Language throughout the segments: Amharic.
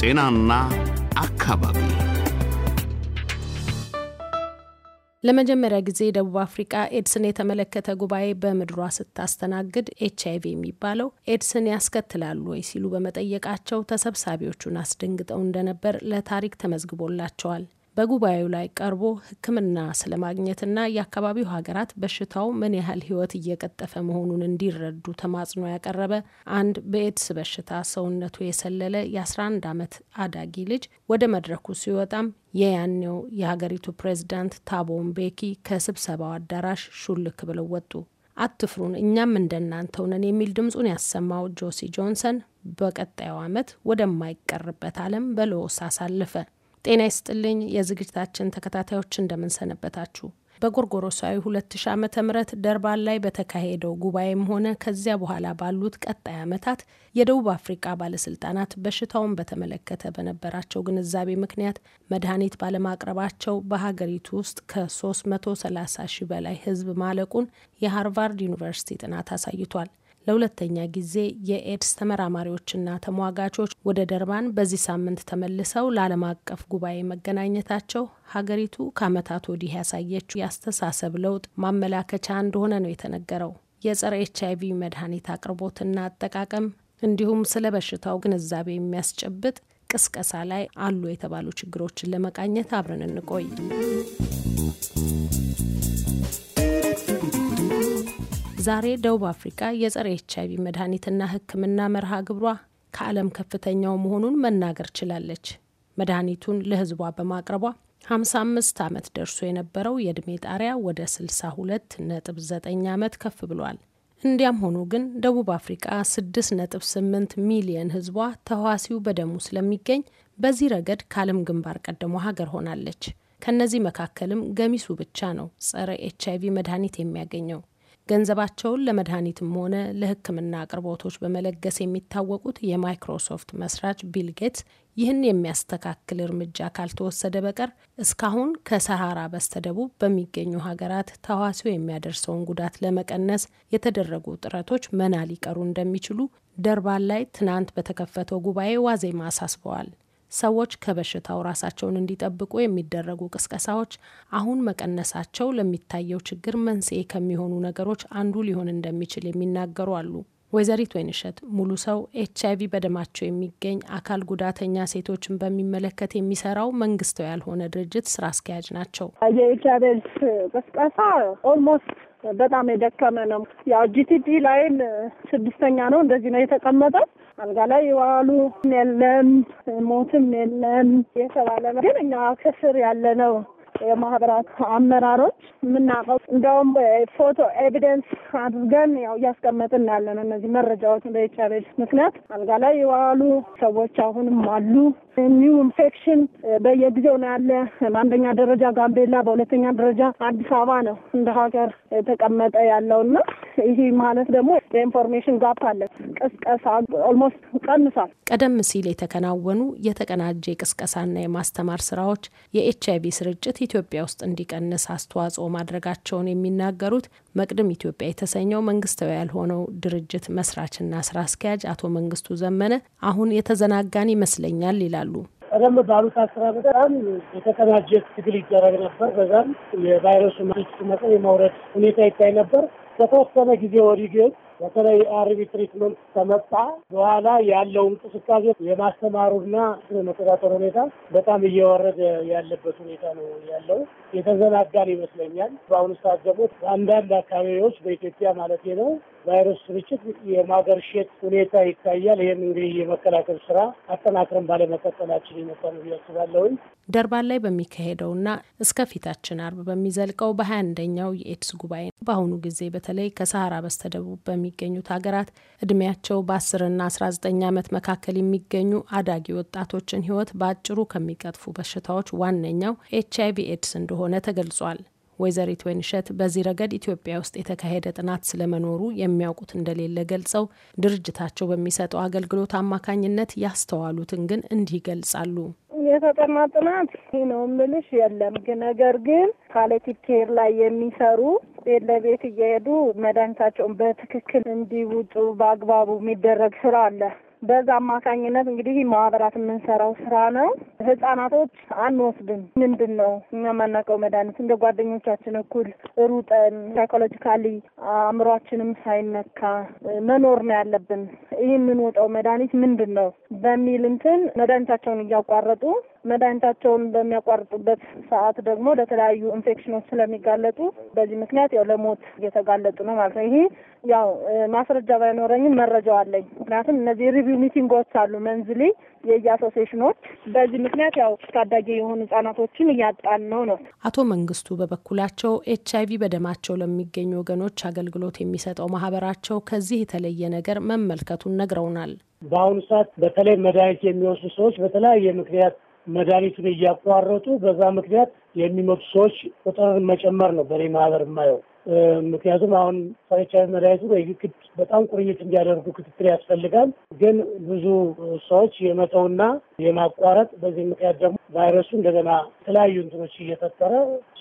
ጤናና አካባቢ ለመጀመሪያ ጊዜ ደቡብ አፍሪቃ ኤድስን የተመለከተ ጉባኤ በምድሯ ስታስተናግድ ኤች አይቪ የሚባለው ኤድስን ያስከትላሉ ወይ ሲሉ በመጠየቃቸው ተሰብሳቢዎቹን አስደንግጠው እንደነበር ለታሪክ ተመዝግቦላቸዋል። በጉባኤው ላይ ቀርቦ ሕክምና ስለማግኘትና የአካባቢው ሀገራት በሽታው ምን ያህል ሕይወት እየቀጠፈ መሆኑን እንዲረዱ ተማጽኖ ያቀረበ አንድ በኤድስ በሽታ ሰውነቱ የሰለለ የ11 ዓመት አዳጊ ልጅ ወደ መድረኩ ሲወጣም የያኔው የሀገሪቱ ፕሬዝዳንት ታቦ ምቤኪ ከስብሰባው አዳራሽ ሹልክ ብለው ወጡ። አትፍሩን፣ እኛም እንደናንተው ነን የሚል ድምፁን ያሰማው ጆሲ ጆንሰን በቀጣዩ ዓመት ወደማይቀርበት ዓለም በልስ አሳለፈ። ጤና ይስጥልኝ የዝግጅታችን ተከታታዮች እንደምንሰነበታችሁ። በጎርጎሮሳዊ 2000 ዓ ም ደርባን ላይ በተካሄደው ጉባኤም ሆነ ከዚያ በኋላ ባሉት ቀጣይ ዓመታት የደቡብ አፍሪካ ባለስልጣናት በሽታውን በተመለከተ በነበራቸው ግንዛቤ ምክንያት መድኃኒት ባለማቅረባቸው በሀገሪቱ ውስጥ ከ330 ሺህ በላይ ህዝብ ማለቁን የሃርቫርድ ዩኒቨርሲቲ ጥናት አሳይቷል። ለሁለተኛ ጊዜ የኤድስ ተመራማሪዎችና ተሟጋቾች ወደ ደርባን በዚህ ሳምንት ተመልሰው ለዓለም አቀፍ ጉባኤ መገናኘታቸው ሀገሪቱ ከዓመታት ወዲህ ያሳየችው የአስተሳሰብ ለውጥ ማመላከቻ እንደሆነ ነው የተነገረው። የጸረ ኤች አይቪ መድኃኒት አቅርቦትና አጠቃቀም እንዲሁም ስለ በሽታው ግንዛቤ የሚያስጨብጥ ቅስቀሳ ላይ አሉ የተባሉ ችግሮችን ለመቃኘት አብረን እንቆይ። ዛሬ ደቡብ አፍሪካ የጸረ ኤች አይቪ መድኃኒትና ሕክምና መርሃ ግብሯ ከዓለም ከፍተኛው መሆኑን መናገር ችላለች። መድኃኒቱን ለሕዝቧ በማቅረቧ 55 ዓመት ደርሶ የነበረው የዕድሜ ጣሪያ ወደ 62 ነጥብ 9 ዓመት ከፍ ብሏል። እንዲያም ሆኖ ግን ደቡብ አፍሪካ 6.8 ሚሊየን ህዝቧ ተዋሲው በደሙ ስለሚገኝ በዚህ ረገድ ከዓለም ግንባር ቀደሟ ሀገር ሆናለች። ከነዚህ መካከልም ገሚሱ ብቻ ነው ጸረ ኤች አይቪ መድኃኒት የሚያገኘው። ገንዘባቸውን ለመድኃኒትም ሆነ ለሕክምና አቅርቦቶች በመለገስ የሚታወቁት የማይክሮሶፍት መስራች ቢል ጌትስ ይህን የሚያስተካክል እርምጃ ካልተወሰደ በቀር እስካሁን ከሰሃራ በስተደቡብ በሚገኙ ሀገራት ተዋሲው የሚያደርሰውን ጉዳት ለመቀነስ የተደረጉ ጥረቶች መና ሊቀሩ እንደሚችሉ ደርባን ላይ ትናንት በተከፈተው ጉባኤ ዋዜማ አሳስበዋል። ሰዎች ከበሽታው ራሳቸውን እንዲጠብቁ የሚደረጉ ቅስቀሳዎች አሁን መቀነሳቸው ለሚታየው ችግር መንስኤ ከሚሆኑ ነገሮች አንዱ ሊሆን እንደሚችል የሚናገሩ አሉ። ወይዘሪት ወይንሸት ሙሉ ሰው ኤች አይቪ በደማቸው የሚገኝ አካል ጉዳተኛ ሴቶችን በሚመለከት የሚሰራው መንግስታዊ ያልሆነ ድርጅት ስራ አስኪያጅ ናቸው። የኤች አይቪ ቅስቀሳ ኦልሞስት በጣም የደከመ ነው። ያው ጂቲፒ ላይም ስድስተኛ ነው እንደዚህ ነው የተቀመጠው። አልጋ ላይ የዋሉ የለም፣ ሞትም የለም የተባለ ግን እኛ ከስር ያለ ነው የማህበራት አመራሮች የምናውቀው እንደውም ፎቶ ኤቪደንስ አድርገን ያው እያስቀመጥን ያለን እነዚህ መረጃዎች በኤች አይ ቪ ምክንያት አልጋ ላይ የዋሉ ሰዎች አሁንም አሉ። ኒው ኢንፌክሽን በየጊዜው ነው ያለ። በአንደኛ ደረጃ ጋምቤላ፣ በሁለተኛ ደረጃ አዲስ አበባ ነው እንደ ሀገር የተቀመጠ ያለውና ይህ ማለት ደግሞ የኢንፎርሜሽን ጋፕ አለ። ቅስቀሳ ኦልሞስት ቀንሷል። ቀደም ሲል የተከናወኑ የተቀናጀ የቅስቀሳና የማስተማር ስራዎች የኤች አይ ቪ ስርጭት ኢትዮጵያ ውስጥ እንዲቀንስ አስተዋጽኦ ማድረጋቸውን የሚናገሩት መቅደም ኢትዮጵያ የተሰኘው መንግስታዊ ያልሆነው ድርጅት መስራችና ስራ አስኪያጅ አቶ መንግስቱ ዘመነ አሁን የተዘናጋን ይመስለኛል ይላሉ። ቀደም ባሉት አስራ በጣም የተቀናጀ ትግል ይደረግ ነበር። በዛም የቫይረሱ መጠን የማውረድ ሁኔታ ይታይ ነበር። ከተወሰነ ጊዜ ወዲህ ግን በተለይ አርቢ ትሪትመንት ከመጣ በኋላ ያለው እንቅስቃሴ የማስተማሩና መቆጣጠር ሁኔታ በጣም እየወረደ ያለበት ሁኔታ ነው ያለው። የተዘናጋን ይመስለኛል። በአሁኑ ሰዓት ደግሞ በአንዳንድ አካባቢዎች በኢትዮጵያ ማለት ነው ቫይረስ ስርጭት የማገርሸት ሁኔታ ይታያል። ይህም እንግዲህ የመከላከል ስራ አጠናክረን ባለመቀጠላችን ይመጣ ነው ያስባለውኝ። ደርባን ላይ በሚካሄደውና እስከ ፊታችን አርብ በሚዘልቀው በሀያ አንደኛው የኤድስ ጉባኤ በአሁኑ ጊዜ በተ በተለይ ከሰሃራ በስተደቡብ በሚገኙት ሀገራት እድሜያቸው በ10ና 19 ዓመት መካከል የሚገኙ አዳጊ ወጣቶችን ህይወት በአጭሩ ከሚቀጥፉ በሽታዎች ዋነኛው ኤች አይቪ ኤድስ እንደሆነ ተገልጿል። ወይዘሪት ወይንሸት በዚህ ረገድ ኢትዮጵያ ውስጥ የተካሄደ ጥናት ስለመኖሩ የሚያውቁት እንደሌለ ገልጸው ድርጅታቸው በሚሰጠው አገልግሎት አማካኝነት ያስተዋሉትን ግን እንዲህ ይገልጻሉ። የተጠና ጥናት ይህ ነው ምልሽ የለም። ነገር ግን ፓሌቲቭ ኬር ላይ የሚሰሩ ቤት ለቤት እየሄዱ መድኃኒታቸውን በትክክል እንዲውጡ በአግባቡ የሚደረግ ስራ አለ። በዛ አማካኝነት እንግዲህ ማህበራት የምንሰራው ስራ ነው። ህጻናቶች አንወስድም። ምንድን ነው እኛ የማናውቀው መድኃኒት እንደ ጓደኞቻችን እኩል ሩጠን ሳይኮሎጂካሊ አእምሯችንም ሳይነካ መኖር ነው ያለብን። ይህ የምንወጣው መድኃኒት ምንድን ነው በሚል እንትን መድኃኒታቸውን እያቋረጡ መድኃኒታቸውን በሚያቋርጡበት ሰዓት ደግሞ ለተለያዩ ኢንፌክሽኖች ስለሚጋለጡ በዚህ ምክንያት ያው ለሞት እየተጋለጡ ነው ማለት ነው። ይሄ ያው ማስረጃ ባይኖረኝም መረጃው አለኝ። ምክንያቱም እነዚህ ሪቪው ሚቲንጎች አሉ መንዝሊ የየአሶሴሽኖች በዚህ ምክንያት ያው ታዳጊ የሆኑ ህጻናቶችን እያጣን ነው ነው። አቶ መንግስቱ በበኩላቸው ኤች አይቪ በደማቸው ለሚገኙ ወገኖች አገልግሎት የሚሰጠው ማህበራቸው ከዚህ የተለየ ነገር መመልከቱን ነግረውናል። በአሁኑ ሰዓት በተለይ መድኃኒት የሚወስዱ ሰዎች በተለያየ ምክንያት መድኃኒቱን እያቋረጡ በዛ ምክንያት የሚሞቱ ሰዎች ቁጥር መጨመር ነው በሬ ማህበር የማየው። ምክንያቱም አሁን ፈረቻዊ መድኃኒቱ ግድ በጣም ቁርኝት እንዲያደርጉ ክትትል ያስፈልጋል። ግን ብዙ ሰዎች የመተውና የማቋረጥ በዚህ ምክንያት ደግሞ ቫይረሱ እንደገና የተለያዩ እንትኖች እየፈጠረ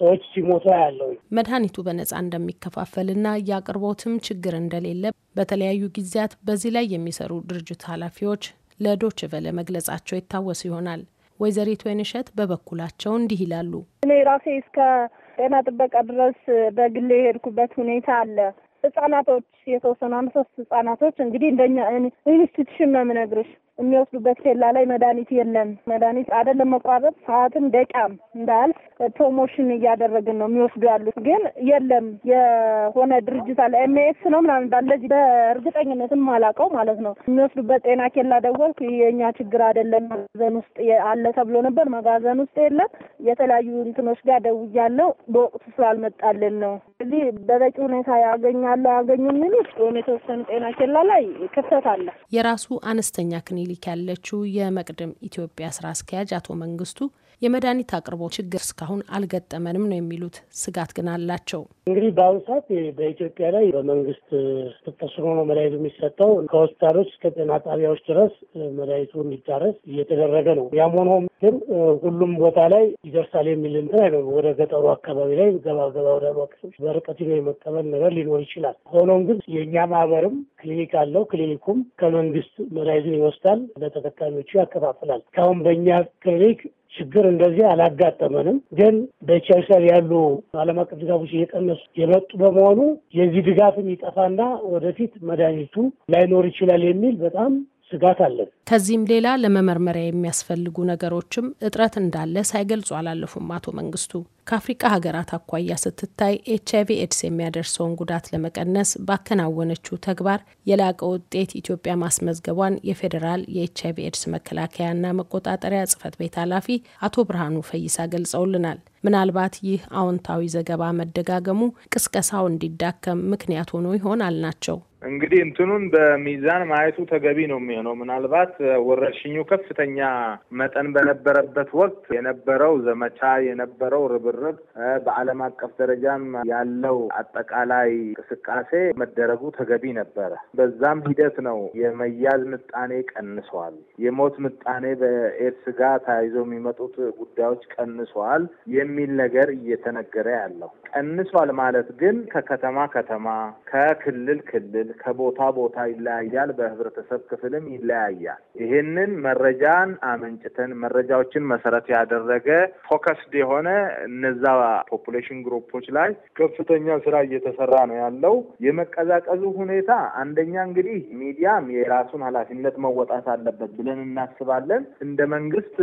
ሰዎች ሲሞቱ ያለው መድኃኒቱ በነጻ እንደሚከፋፈልና የአቅርቦትም ችግር እንደሌለ በተለያዩ ጊዜያት በዚህ ላይ የሚሰሩ ድርጅት ኃላፊዎች ለዶችቨለ መግለጻቸው ይታወስ ይሆናል። ወይዘሪት ወይንሸት በበኩላቸው እንዲህ ይላሉ። እኔ ራሴ እስከ ጤና ጥበቃ ድረስ በግሌ የሄድኩበት ሁኔታ አለ። ህጻናቶች የተወሰኑ አምስት ህጻናቶች እንግዲህ እንደኛ ኢንስቲትሽን ነው የምነግርሽ የሚወስዱበት ኬላ ላይ መድኃኒት የለም። መድኃኒት አይደለም መቋረጥ ሰዓትም ደቂቃም እንዳያልፍ ፕሮሞሽን እያደረግን ነው የሚወስዱ ያሉት ግን የለም። የሆነ ድርጅት አለ ኤምኤስ ነው ምናምን እንዳለዚህ በእርግጠኝነትም አላውቀው ማለት ነው የሚወስዱበት ጤና ኬላ ደወልኩ። የእኛ ችግር አይደለም መጋዘን ውስጥ አለ ተብሎ ነበር። መጋዘን ውስጥ የለም። የተለያዩ እንትኖች ጋር ደውያለው በወቅቱ ስላልመጣልን ነው። ስለዚህ በበቂ ሁኔታ ያገኛለሁ ያገኙ የሚሉት ወይም የተወሰኑ ጤና ኬላ ላይ ክፍተት አለ። የራሱ አነስተኛ ክኒ ምኒልክ ያለችው የመቅደም ኢትዮጵያ ስራ አስኪያጅ አቶ መንግስቱ የመድኃኒት አቅርቦት ችግር እስካሁን አልገጠመንም ነው የሚሉት። ስጋት ግን አላቸው። እንግዲህ በአሁኑ ሰዓት በኢትዮጵያ ላይ በመንግስት ተጽዕኖ ነው መድኃኒቱ የሚሰጠው። ከሆስፒታሎች እስከ ጤና ጣቢያዎች ድረስ መድኃኒቱ እንዲዳረስ እየተደረገ ነው። ያም ሆኖ ግን ሁሉም ቦታ ላይ ይደርሳል የሚል እንትን አይደለም። ወደ ገጠሩ አካባቢ ላይ ገባ ገባ ወደ በርቀት የመቀበል ነገር ሊኖር ይችላል። ሆኖም ግን የእኛ ማህበርም ክሊኒክ አለው። ክሊኒኩም ከመንግስት መድኃኒቱን ይወስዳል፣ ለተጠቃሚዎቹ ያከፋፍላል። እስካሁን በእኛ ክሊኒክ ችግር እንደዚህ አላጋጠመንም። ግን በቻይሰር ያሉ ዓለም አቀፍ ድጋፎች እየቀነሱ የመጡ በመሆኑ የዚህ ድጋፍም ይጠፋና ወደፊት መድኃኒቱ ላይኖር ይችላል የሚል በጣም ስጋት አለን። ከዚህም ሌላ ለመመርመሪያ የሚያስፈልጉ ነገሮችም እጥረት እንዳለ ሳይገልጹ አላለፉም አቶ መንግስቱ። ከአፍሪቃ ሀገራት አኳያ ስትታይ ኤች አይቪ ኤድስ የሚያደርሰውን ጉዳት ለመቀነስ ባከናወነችው ተግባር የላቀ ውጤት ኢትዮጵያ ማስመዝገቧን የፌዴራል የኤች አይቪ ኤድስ መከላከያና መቆጣጠሪያ ጽህፈት ቤት ኃላፊ አቶ ብርሃኑ ፈይሳ ገልጸውልናል። ምናልባት ይህ አዎንታዊ ዘገባ መደጋገሙ ቅስቀሳው እንዲዳከም ምክንያት ሆኖ ይሆን አልናቸው። እንግዲህ እንትኑን በሚዛን ማየቱ ተገቢ ነው የሚሆነው። ምናልባት ወረርሽኙ ከፍተኛ መጠን በነበረበት ወቅት የነበረው ዘመቻ የነበረው ርብርብ፣ በዓለም አቀፍ ደረጃም ያለው አጠቃላይ እንቅስቃሴ መደረጉ ተገቢ ነበረ። በዛም ሂደት ነው የመያዝ ምጣኔ ቀንሷል። የሞት ምጣኔ በኤድስ ጋር ተያይዞ የሚመጡት ጉዳዮች ቀንሷል የሚል ነገር እየተነገረ ያለው ቀንሷል ማለት ግን ከከተማ ከተማ ከክልል ክልል ከቦታ ቦታ ይለያያል፣ በህብረተሰብ ክፍልም ይለያያል። ይህንን መረጃን አመንጭተን መረጃዎችን መሰረት ያደረገ ፎከስድ የሆነ እነዛ ፖፑሌሽን ግሩፖች ላይ ከፍተኛ ስራ እየተሰራ ነው ያለው። የመቀዛቀዙ ሁኔታ አንደኛ እንግዲህ ሚዲያም የራሱን ኃላፊነት መወጣት አለበት ብለን እናስባለን። እንደ መንግስት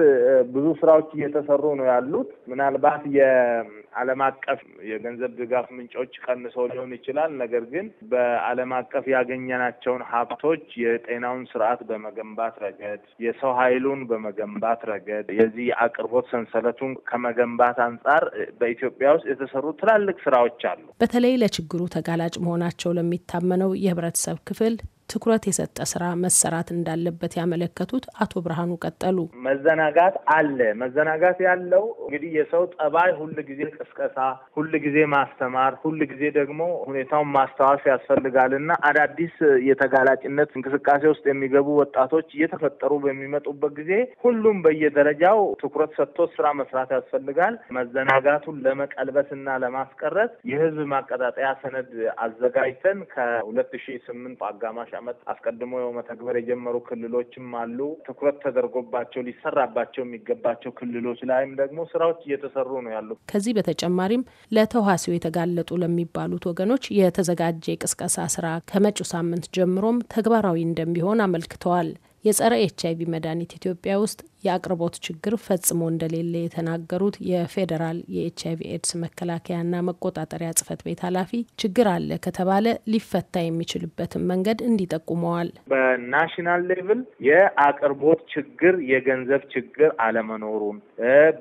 ብዙ ስራዎች እየተሰሩ ነው ያሉት። ምናልባት የዓለም አቀፍ የገንዘብ ድጋፍ ምንጮች ቀንሰው ሊሆን ይችላል። ነገር ግን በዓለም አቀፍ አቀፍ ያገኘናቸውን ሀብቶች የጤናውን ስርዓት በመገንባት ረገድ፣ የሰው ኃይሉን በመገንባት ረገድ፣ የዚህ የአቅርቦት ሰንሰለቱን ከመገንባት አንጻር በኢትዮጵያ ውስጥ የተሰሩ ትላልቅ ስራዎች አሉ። በተለይ ለችግሩ ተጋላጭ መሆናቸው ለሚታመነው የህብረተሰብ ክፍል ትኩረት የሰጠ ስራ መሰራት እንዳለበት ያመለከቱት አቶ ብርሃኑ ቀጠሉ። መዘናጋት አለ። መዘናጋት ያለው እንግዲህ የሰው ጠባይ ሁል ጊዜ ቅስቀሳ፣ ሁል ጊዜ ማስተማር፣ ሁል ጊዜ ደግሞ ሁኔታውን ማስታወስ ያስፈልጋል እና አዳዲስ የተጋላጭነት እንቅስቃሴ ውስጥ የሚገቡ ወጣቶች እየተፈጠሩ በሚመጡበት ጊዜ ሁሉም በየደረጃው ትኩረት ሰጥቶ ስራ መስራት ያስፈልጋል። መዘናጋቱን ለመቀልበስ እና ለማስቀረት የህዝብ ማቀጣጠያ ሰነድ አዘጋጅተን ከሁለት ሺህ ስምንት አጋማሽ ዓመት አስቀድሞ መተግበር የጀመሩ ክልሎችም አሉ። ትኩረት ተደርጎባቸው ሊሰራባቸው የሚገባቸው ክልሎች ላይም ደግሞ ስራዎች እየተሰሩ ነው ያሉ። ከዚህ በተጨማሪም ለተዋሲው የተጋለጡ ለሚባሉት ወገኖች የተዘጋጀ የቅስቀሳ ስራ ከመጪው ሳምንት ጀምሮም ተግባራዊ እንደሚሆን አመልክተዋል። የጸረ ኤች አይቪ መድኃኒት ኢትዮጵያ ውስጥ የአቅርቦት ችግር ፈጽሞ እንደሌለ የተናገሩት የፌዴራል የኤች አይቪ ኤድስ መከላከያና መቆጣጠሪያ ጽህፈት ቤት ኃላፊ ችግር አለ ከተባለ ሊፈታ የሚችልበትን መንገድ እንዲጠቁመዋል። በናሽናል ሌቭል የአቅርቦት ችግር፣ የገንዘብ ችግር አለመኖሩን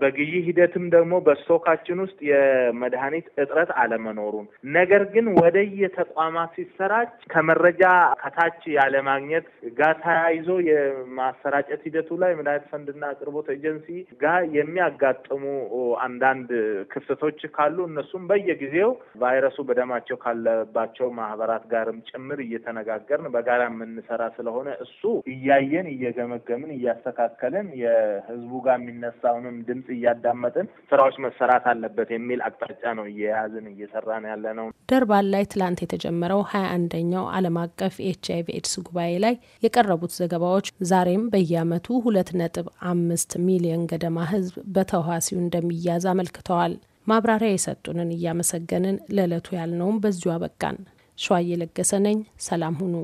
በግዢ ሂደትም ደግሞ በስቶካችን ውስጥ የመድኃኒት እጥረት አለመኖሩን ነገር ግን የተቋማት ሲሰራጭ ከመረጃ ከታች ያለማግኘት ጋር ተያይዞ የማሰራጨት ሂደቱ ላይ መድኃኒት ፈንድ ንግድና አቅርቦት ኤጀንሲ ጋር የሚያጋጥሙ አንዳንድ ክፍተቶች ካሉ እነሱም በየጊዜው ቫይረሱ በደማቸው ካለባቸው ማህበራት ጋርም ጭምር እየተነጋገርን በጋራ የምንሰራ ስለሆነ እሱ እያየን እየገመገምን እያስተካከልን የህዝቡ ጋር የሚነሳውንም ድምፅ እያዳመጥን ስራዎች መሰራት አለበት የሚል አቅጣጫ ነው እየያዝን እየሰራን ያለ ነው። ደርባን ላይ ትላንት የተጀመረው ሀያ አንደኛው ዓለም አቀፍ ኤች አይቪ ኤድስ ጉባኤ ላይ የቀረቡት ዘገባዎች ዛሬም በየአመቱ ሁለት ነጥብ አምስት ሚሊዮን ገደማ ህዝብ በተዋሲው እንደሚያዝ አመልክተዋል። ማብራሪያ የሰጡንን እያመሰገንን ለዕለቱ ያልነውም በዚሁ አበቃን። ሸዋዬ ለገሰ ነኝ። ሰላም ሁኑ።